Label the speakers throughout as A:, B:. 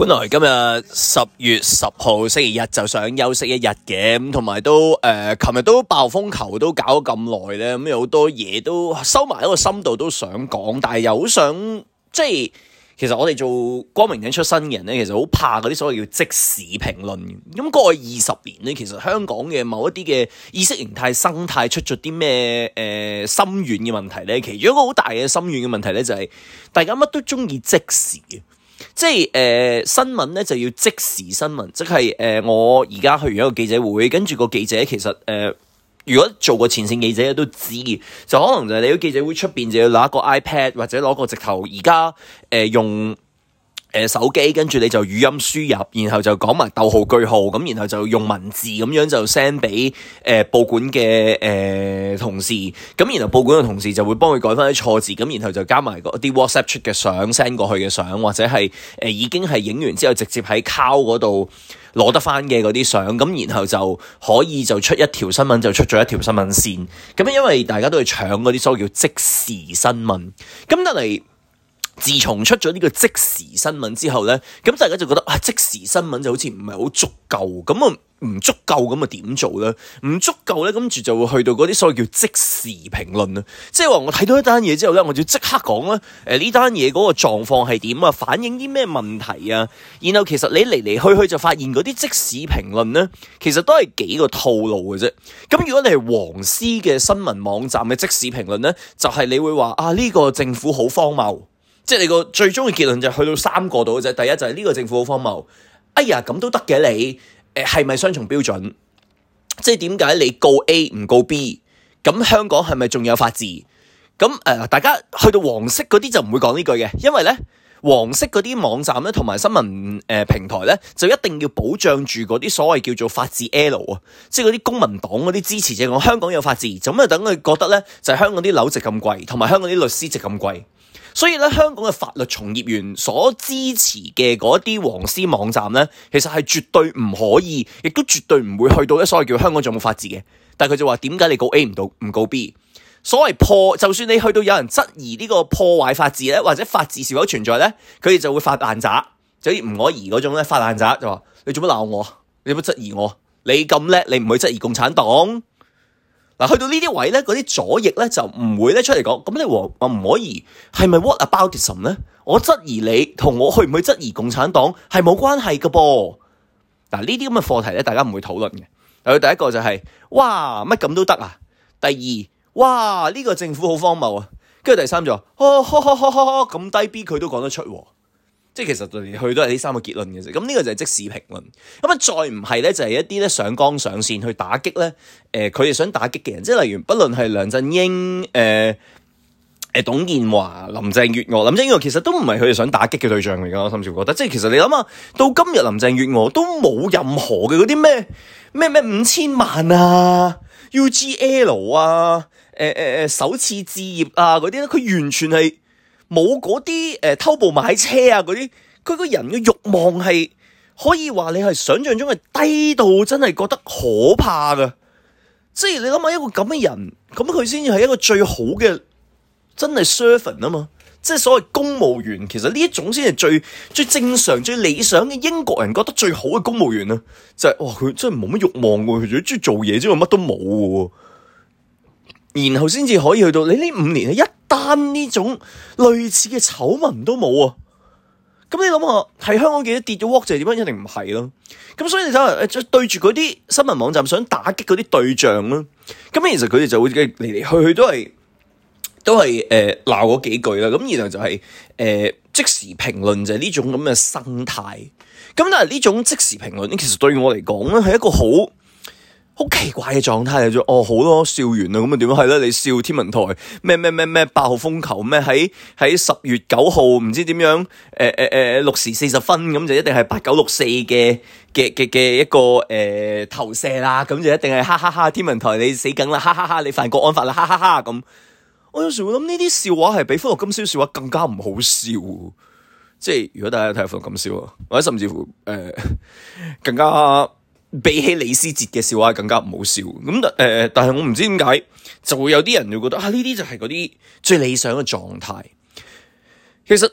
A: 本來今日十月十號星期日就想休息一日嘅，咁同埋都誒，琴、呃、日都暴風球都搞咗咁耐咧，咁、嗯、好多嘢都收埋喺個深度都想講，但係又好想即係，其實我哋做光明頂出身嘅人咧，其實好怕嗰啲所謂叫即時評論。咁、嗯、過去二十年咧，其實香港嘅某一啲嘅意識形態生態出咗啲咩誒深遠嘅問題咧？其中一個好大嘅深遠嘅問題咧，就係、是、大家乜都中意即時嘅。即係誒、呃、新聞咧就要即時新聞，即係誒我而家去完一個記者會，跟住個記者其實誒、呃，如果做過前線記者嘅都知，就可能就係你喺記者會出邊就要攞個 iPad 或者攞個直頭，而家誒用。誒，手機跟住你就語音輸入，然後就講埋逗號句號咁，然後就用文字咁樣就 send 畀誒報館嘅誒、呃、同事，咁然後報館嘅同事就會幫佢改翻啲錯字，咁然後就加埋嗰啲 WhatsApp 出嘅相 send 過去嘅相，或者係誒、呃、已經係影完之後直接喺 cow 嗰度攞得翻嘅嗰啲相，咁然後就可以就出一條新聞就出咗一條新聞線，咁因為大家都係搶嗰啲所謂叫即時新聞，咁得嚟。自從出咗呢個即時新聞之後呢，咁大家就覺得啊，即時新聞就好似唔係好足夠，咁啊唔足夠，咁啊點做呢？唔足夠呢，跟住就會去到嗰啲所謂叫即時評論啊，即係話我睇到一單嘢之後呢，我就即刻講啦，呢單嘢嗰個狀況係點啊，反映啲咩問題啊？然後其實你嚟嚟去去就發現嗰啲即時評論呢，其實都係幾個套路嘅啫。咁如果你係黃絲嘅新聞網站嘅即時評論呢，就係你會話啊，呢個政府好荒謬。即係你個最終嘅結論就係去到三個度嘅啫，第一就係呢個政府好荒謬，哎呀咁都得嘅你，誒係咪雙重標準？即係點解你告 A 唔告 B？咁香港係咪仲有法治？咁誒、呃、大家去到黃色嗰啲就唔會講呢句嘅，因為咧黃色嗰啲網站咧同埋新聞誒、呃、平台咧就一定要保障住嗰啲所謂叫做法治 L 啊，即係嗰啲公民黨嗰啲支持者講香港有法治，咁就等佢覺得咧就係、是、香港啲樓值咁貴，同埋香港啲律師值咁貴。所以咧，香港嘅法律從業員所支持嘅嗰啲黃絲網站咧，其實係絕對唔可以，亦都絕對唔會去到咧所謂叫香港仲冇法治嘅。但係佢就話：點解你告 A 唔告，唔告 B？所謂破，就算你去到有人質疑呢個破壞法治咧，或者法治是否存在咧，佢哋就會發爛渣，就好似唔可疑嗰種咧發爛渣，就話你做乜鬧我？你有乜質疑我？你咁叻，你唔去質疑共產黨？嗱，去到呢啲位咧，嗰啲左翼咧就唔會咧出嚟講，咁你和我唔可以係咪 what aboutism 咧？我質疑你同我去唔去質疑共產黨係冇關係㗎噃。嗱，呢啲咁嘅課題咧，大家唔會討論嘅。佢第一個就係哇乜咁都得啊，第二哇呢、這個政府好荒謬啊，跟住第三就話，咁、哦、低 B 佢都講得出喎、啊。即係其實嚟去都係呢三個結論嘅啫。咁、這、呢個就係即時評論。咁啊，再唔係咧，就係、是、一啲咧上綱上線去打擊咧。誒、呃，佢哋想打擊嘅人，即係例如，不論係梁振英，誒、呃、誒，董建華、林鄭月娥，林鄭月娥其實都唔係佢哋想打擊嘅對象嚟噶。我甚至覺得。即係其實你諗下，到今日林鄭月娥都冇任何嘅嗰啲咩咩咩五千萬啊、UGL 啊、誒誒誒首次置業啊嗰啲咧，佢完全係。冇嗰啲誒偷步買車啊！嗰啲佢個人嘅慾望係可以話你係想像中係低到真係覺得可怕嘅，即係你諗下一個咁嘅人，咁佢先至係一個最好嘅真係 servant 啊嘛，即係所謂公務員。其實呢一種先係最最正常、最理想嘅英國人覺得最好嘅公務員啊，就係、是、哇佢真係冇乜慾望嘅，佢除咗中意做嘢之外乜都冇嘅，然後先至可以去到你呢五年一。但呢種類似嘅醜聞都冇啊，咁你諗下喺香港記者跌咗鑊就點樣一定唔係咯，咁所以你就誒對住嗰啲新聞網站想打擊嗰啲對象咯，咁其實佢哋就會嚟嚟去去都係都係誒鬧嗰幾句啦，咁然後就係、是、誒、呃、即時評論就係呢種咁嘅生態，咁但係呢種即時評論咧其實對我嚟講咧係一個好。好奇怪嘅狀態嚟咗，哦好多笑完啊。咁啊點樣啊？係啦，你笑天文台咩咩咩咩，八號風球咩？喺喺十月九號，唔知點樣誒誒誒六時四十分，咁就一定係八九六四嘅嘅嘅嘅一個誒、呃、投射啦，咁就一定係哈哈哈天文台你死梗啦，哈哈哈，哈，你，哈，哈，哈，哈你犯國安法啦，哈哈哈咁。我有時會諗呢啲笑話係比《歡樂今宵》笑話更加唔好笑，即係如果大家睇《歡樂今宵》或者甚至乎誒、呃、更加。比起李思捷嘅笑話更加唔好笑，咁誒、呃，但係我唔知點解就會有啲人會覺得啊，呢啲就係嗰啲最理想嘅狀態。其實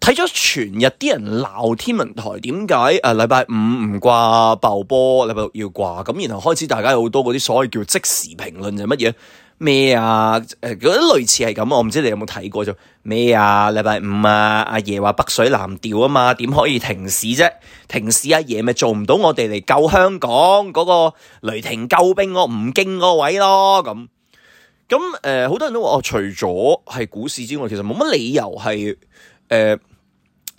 A: 睇咗全日啲人鬧天文台點解誒禮拜五唔掛爆波，禮拜六要掛，咁然後開始大家有好多嗰啲所謂叫即時評論就係乜嘢？咩啊？誒、呃，嗰啲類似係咁，我唔知你有冇睇過就咩啊？禮拜五啊，阿爺話北水南調啊嘛，點可以停市啫？停市阿爺咪做唔到，我哋嚟救香港嗰、那個雷霆救兵經個咯，吳京嗰位咯咁。咁誒，好、呃、多人都話哦，除咗係股市之外，其實冇乜理由係誒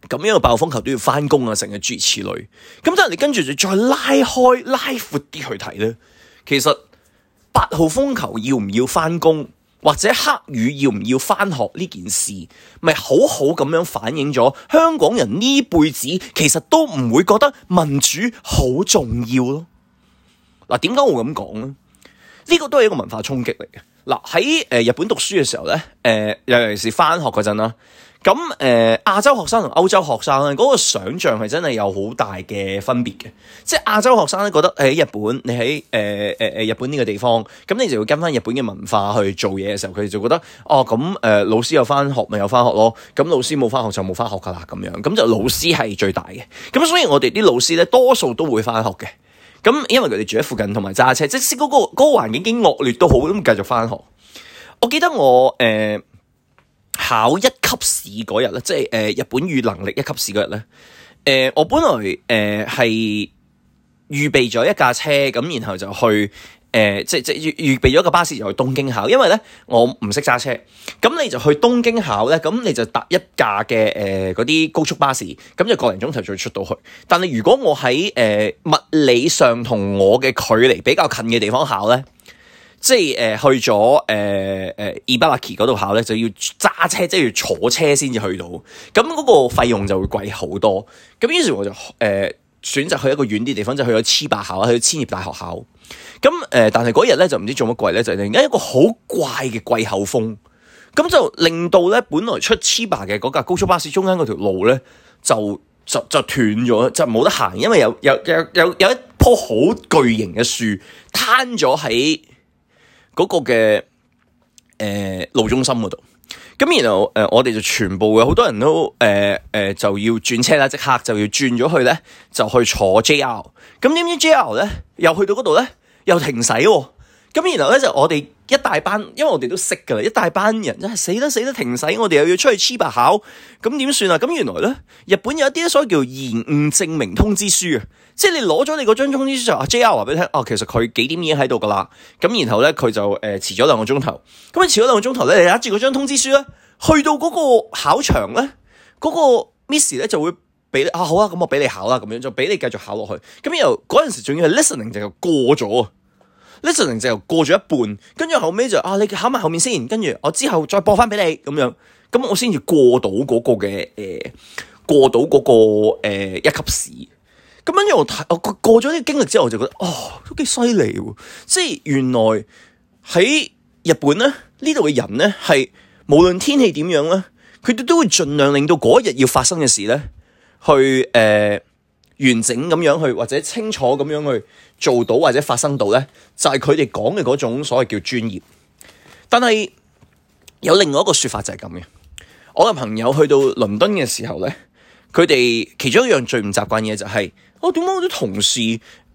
A: 咁樣嘅暴風球都要返工啊，成日諸如此類。咁但係你跟住就再拉開拉闊啲去睇咧，其實。八號風球要唔要返工，或者黑雨要唔要返學呢件事，咪、就是、好好咁樣反映咗香港人呢輩子其實都唔會覺得民主好重要咯。嗱、啊，點解我咁講咧？呢、這個都係一個文化衝擊嚟嘅。嗱喺誒日本讀書嘅時候咧，誒、呃、尤其是返學嗰陣啦。咁誒、呃，亞洲學生同歐洲學生嗰、那個想像係真係有好大嘅分別嘅。即係亞洲學生咧覺得，喺日本，你喺誒誒誒日本呢個地方，咁你就要跟翻日本嘅文化去做嘢嘅時候，佢哋就覺得，哦咁誒、呃、老師有翻學咪有翻學咯，咁老師冇翻學就冇翻學噶啦咁樣，咁就老師係最大嘅，咁所以我哋啲老師咧多數都會翻學嘅，咁因為佢哋住喺附近同埋揸車，即使嗰、那個嗰、那個、環境幾惡劣都好，都繼續翻學。我記得我誒，呃考一級試嗰日咧，即係誒、呃，日本語能力一級試嗰日咧，誒、呃，我本來誒係預備咗一架車，咁然後就去誒、呃，即即預預備咗個巴士，就去東京考。因為咧，我唔識揸車，咁你就去東京考咧，咁你就搭一架嘅誒嗰啲高速巴士，咁就個零鐘頭就出到去。但係如果我喺誒、呃，物理上同我嘅距離比較近嘅地方考咧，即係誒、呃、去咗二百伊巴瓦基嗰度考咧，就要揸車，即係要坐車先至去到。咁嗰個費用就會貴好多。咁於是我就誒、呃、選擇去一個遠啲地方，就去咗黐巴考啦，去咗千葉大學考。咁誒、呃，但係嗰日咧就唔知做乜鬼咧，就突然間一個好怪嘅季候風，咁就令到咧本來出黐巴嘅嗰架高速巴士中間嗰條路咧就就就斷咗，就冇得行，因為有有有有有一棵好巨型嘅樹攤咗喺。嗰個嘅誒、呃、路中心嗰度，咁然後誒、呃、我哋就全部嘅好多人都誒誒、呃呃、就要轉車啦，即刻就要轉咗去咧，就去坐 JR。咁點知 JR 咧又去到嗰度咧又停駛喎、啊。咁然後咧就我哋一大班，因為我哋都識噶啦，一大班人真係死得死得停死，我哋又要出去黐白考，咁點算啊？咁原來咧，日本有一啲所謂叫延誤證明通知書啊，即係你攞咗你嗰張通知書就阿 J R 話俾你聽，哦，其實佢幾點已經喺度噶啦，咁然後咧佢就誒遲咗兩個鐘頭，咁遲咗兩個鐘頭咧，你攬住嗰張通知書咧，去到嗰個考場咧，嗰個 miss 咧就會俾你啊，好啊，咁我俾你考啦，咁樣就俾你繼續考落去，咁然後嗰陣時仲要係 listening 就過咗。lesson 就過咗一半，跟住後尾就啊，你考埋後面先，跟住我之後再播翻畀你咁樣，咁我先至過到嗰個嘅誒、呃，過到嗰、嗰個、呃、一級試。咁樣我睇我過過咗啲經歷之後我就覺得哦，都幾犀利喎！即係原來喺日本咧，呢度嘅人咧係無論天氣點樣咧，佢哋都會盡量令到嗰一日要發生嘅事咧去誒。呃完整咁樣去，或者清楚咁樣去做到，或者發生到咧，就係佢哋講嘅嗰種所謂叫專業。但係有另外一個說法就係咁嘅，我嘅朋友去到倫敦嘅時候咧，佢哋其中一樣最唔習慣嘅就係、是，哦、我點解我啲同事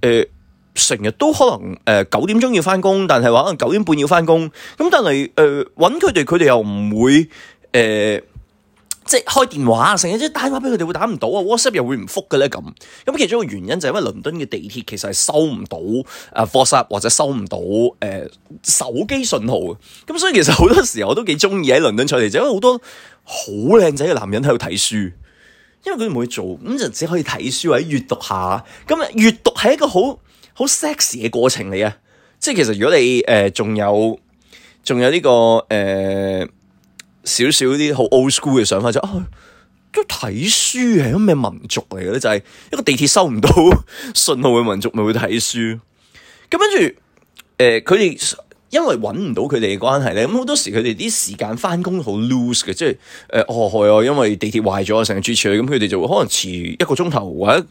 A: 誒成日都可能誒、呃、九點鐘要返工，但係話可能九點半要返工，咁但係誒揾佢哋，佢、呃、哋又唔會誒。呃即係開電話，成日即係打電話俾佢哋會打唔到啊，WhatsApp 又會唔覆嘅咧咁。咁其中一個原因就係因為倫敦嘅地鐵其實係收唔到誒 WhatsApp 或者收唔到誒、呃、手機信號，咁所以其實好多時候我都幾中意喺倫敦坐地仔，因為好多好靚仔嘅男人喺度睇書，因為佢哋冇嘢做，咁就只可以睇書或者閱讀下。咁閱讀係一個好好 sexy 嘅過程嚟啊！即係其實如果你誒仲、呃、有仲有呢、這個誒。呃少少啲好 old school 嘅想法就是、啊，都睇書係咩民族嚟嘅咧？就係、是、一個地鐵收唔到信號嘅民族，咪會睇書。咁跟住誒，佢、呃、哋因為揾唔到佢哋嘅關係咧，咁好多時佢哋啲時間返工好 loose lo o 嘅，即係誒哦係啊，因為地鐵壞咗，成日遲遲咁，佢哋就會可能遲一個鐘頭或者誒、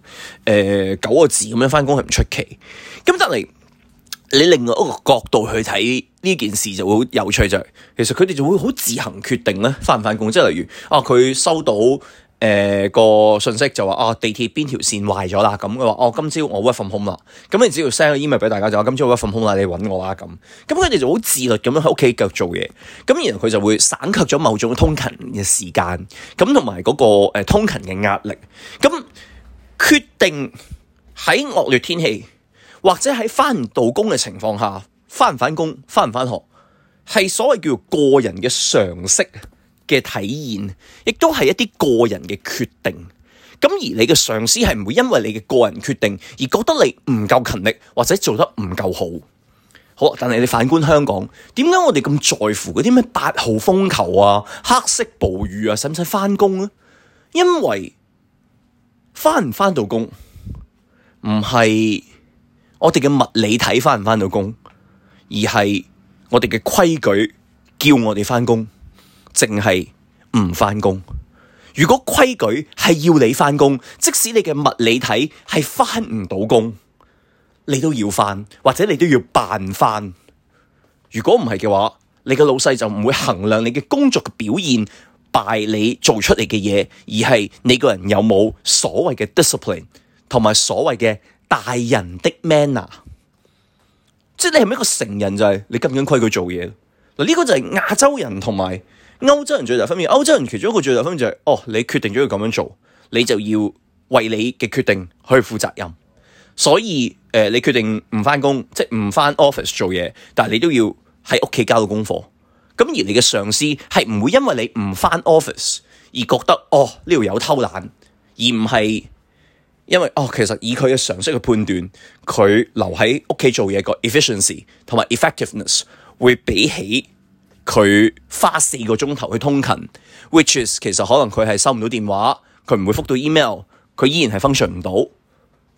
A: 呃、九個字咁樣返工係唔出奇。咁但係。你另外一個角度去睇呢件事就會好有趣就係，其實佢哋就會好自行決定咧返唔返工，即係例如啊，佢收到誒、呃、個信息就話啊地鐵邊條線壞咗啦，咁佢話哦今朝我 work from home 啦，咁你只要 send 個 email 俾大家就、啊、我今朝 work from home 啦，你揾我啦咁，咁佢哋就好自律咁樣喺屋企腳做嘢，咁然後佢就會省卻咗某種通勤嘅時間，咁同埋嗰個通勤嘅壓力，咁決定喺惡劣天氣。或者喺返唔到工嘅情況下，返唔返工、返唔返學，係所謂叫做個人嘅常識嘅體驗，亦都係一啲個人嘅決定。咁而你嘅上司係唔會因為你嘅個人決定而覺得你唔夠勤力或者做得唔夠好。好啦，但係你反觀香港，點解我哋咁在乎嗰啲咩八號風球啊、黑色暴雨啊，使唔使返工咧？因為返唔返到工唔係。我哋嘅物理體翻唔翻到工，而係我哋嘅規矩叫我哋翻工，淨係唔翻工。如果規矩係要你翻工，即使你嘅物理體係翻唔到工，你都要翻，或者你都要扮翻。如果唔係嘅話，你嘅老細就唔會衡量你嘅工作嘅表現，拜你做出嚟嘅嘢，而係你個人有冇所謂嘅 discipline 同埋所謂嘅。大人的 manner，即係你係咪一個成人就係你跟唔跟規矩做嘢？嗱、這、呢個就係亞洲人同埋歐洲人最大分別。歐洲人其中一個最大分別就係、是，哦，你決定咗要咁樣做，你就要為你嘅決定去負責任。所以誒、呃，你決定唔返、就是、工，即係唔返 office 做嘢，但係你都要喺屋企交到功課。咁而你嘅上司係唔會因為你唔返 office 而覺得哦呢度有偷懶，而唔係。因為哦，其實以佢嘅常識嘅判斷，佢留喺屋企做嘢，個 efficiency 同埋 effectiveness 會比起佢花四個鐘頭去通勤，which is 其實可能佢係收唔到電話，佢唔會覆到 email，佢依然係 function 唔到，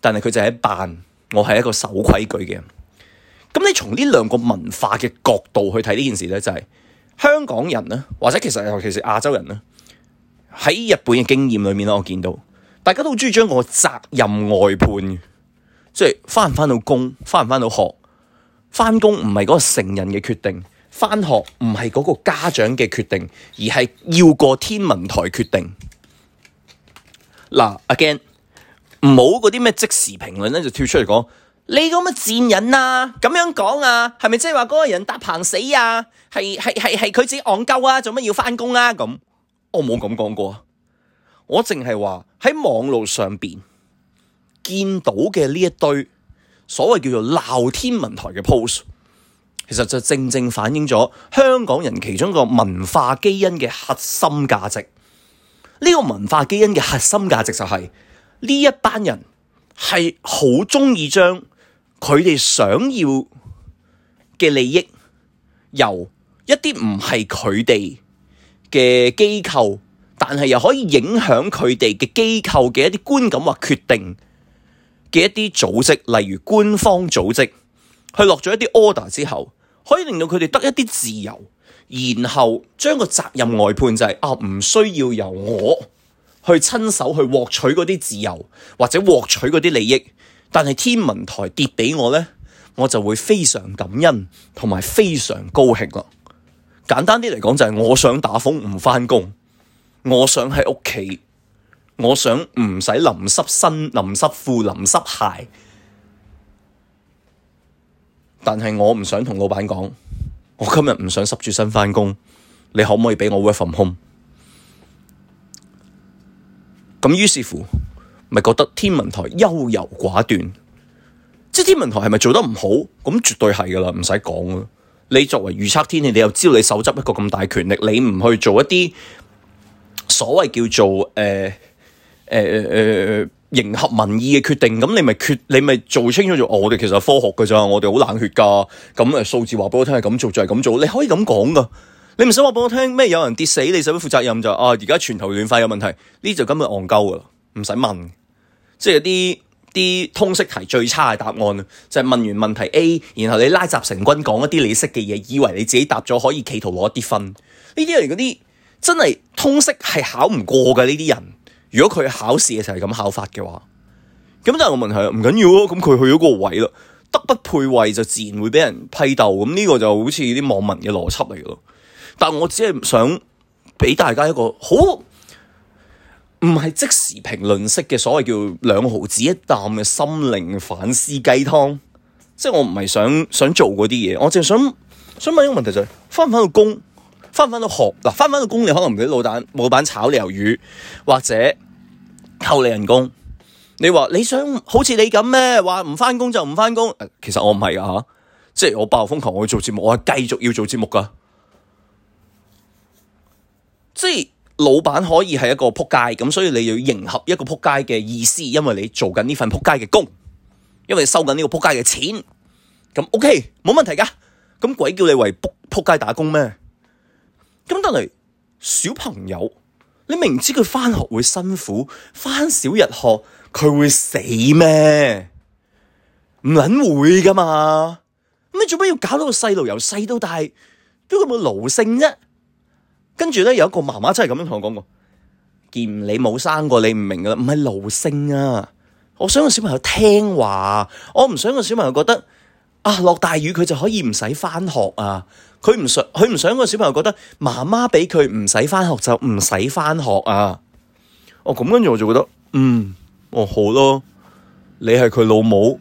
A: 但係佢就係扮我係一個守規矩嘅人。咁你從呢兩個文化嘅角度去睇呢件事咧，就係、是，香港人咧，或者其實尤其是亞洲人咧，喺日本嘅經驗裏面咧，我見到。大家都好中意將我責任外判，即係翻唔翻到工，翻唔翻到學，翻工唔係嗰個成人嘅決定，翻學唔係嗰個家長嘅決定，而係要個天文台決定。嗱，阿 Gen 唔好嗰啲咩即時評論咧，就跳出嚟講，你咁嘅賤人啊，咁樣講啊，係咪即係話嗰個人搭棚死啊？係係係係佢自己戇鳩啊？做乜要翻工啊？咁我冇咁講過。我淨係話喺網路上邊見到嘅呢一堆所謂叫做鬧天文台嘅 post，其實就正正反映咗香港人其中一個文化基因嘅核心價值。呢個文化基因嘅核心價值就係呢一班人係好鍾意將佢哋想要嘅利益由一啲唔係佢哋嘅機構。但係又可以影響佢哋嘅機構嘅一啲觀感或決定嘅一啲組織，例如官方組織，去落咗一啲 order 之後，可以令到佢哋得一啲自由，然後將個責任外判就係啊，唔需要由我去親手去獲取嗰啲自由或者獲取嗰啲利益，但係天文台跌畀我咧，我就會非常感恩同埋非常高興咯。簡單啲嚟講，就係我想打風唔返工。我想喺屋企，我想唔使淋濕身、淋濕褲、淋濕鞋，但係我唔想同老闆講，我今日唔想濕住身返工，你可唔可以畀我 work from home？咁於是乎，咪覺得天文台優柔寡斷，即係天文台係咪做得唔好？咁絕對係噶啦，唔使講啊。你作為預測天氣，你又知道你手執一個咁大權力，你唔去做一啲？所謂叫做誒誒誒迎合民意嘅決定，咁你咪決，你咪做清楚咗，哦。我哋其實科學嘅咋，我哋好冷血噶。咁誒數字話俾我聽係咁做就係、是、咁做，你可以咁講噶。你唔使話俾我聽咩有人跌死，你使乜負責任就是，啊。而家全球暖化有問題，呢就根本戇鳩噶啦，唔使問。即係啲啲通識題最差嘅答案就係、是、問完問題 A，然後你拉雜成軍講一啲你識嘅嘢，以為你自己答咗可以企圖攞一啲分。呢啲係嗰啲。真係通識係考唔過嘅呢啲人，如果佢考試嘅時候係咁考法嘅話，咁就個問題啊，唔緊要咯，咁佢去咗個位啦，德不配位就自然會俾人批鬥，咁呢個就好似啲網民嘅邏輯嚟嘅咯。但我只係想俾大家一個好唔係即時評論式嘅所謂叫兩毫子一啖嘅心靈反思雞湯，即係我唔係想想做嗰啲嘢，我淨係想想問一個問題就係返唔返到工？翻返到學啦，翻返到工，你可能啲老蛋老闆炒你魷魚，或者扣你人工。你話你想好似你咁咩？話唔返工就唔返工。其實我唔係啊，即係我暴風球，我要做節目，我係繼續要做節目噶。即係老闆可以係一個仆街咁，所以你要迎合一個仆街嘅意思，因為你做緊呢份仆街嘅工，因為你收緊呢個仆街嘅錢。咁 OK，冇問題噶。咁鬼叫你為仆仆街打工咩？咁得嚟，小朋友，你明知佢翻學會辛苦，翻少日學佢會死咩？唔撚會噶嘛？咁你做咩要搞到個細路由細到大都咁冇勞性啫？跟住咧，有一個媽媽真係咁樣同我講過，見你冇生過，你唔明噶啦，唔係勞性啊！我想個小朋友聽話，我唔想個小朋友覺得。啊！落大雨佢就可以唔使返學啊！佢唔想佢唔想個小朋友覺得媽媽畀佢唔使返學就唔使返學啊！哦咁，跟住我就覺得，嗯，哦好咯，你係佢老母，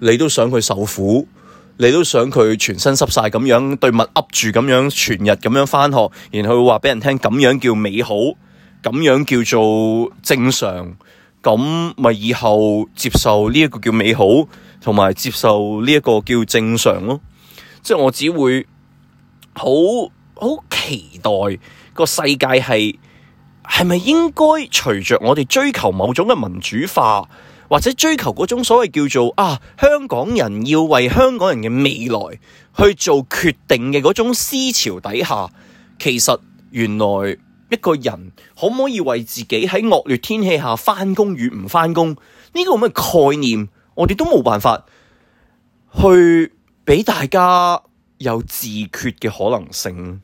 A: 你都想佢受苦，你都想佢全身濕晒咁樣對物噏住咁樣全日咁樣返學，然後話畀人聽咁樣叫美好，咁樣叫做正常，咁咪以後接受呢一個叫美好。同埋接受呢一個叫正常咯，即係我只會好好期待個世界係係咪應該隨着我哋追求某種嘅民主化，或者追求嗰種所謂叫做啊香港人要為香港人嘅未來去做決定嘅嗰種思潮底下，其實原來一個人可唔可以為自己喺惡劣天氣下返工與唔返工呢個咁嘅概念？我哋都冇辦法去畀大家有自決嘅可能性。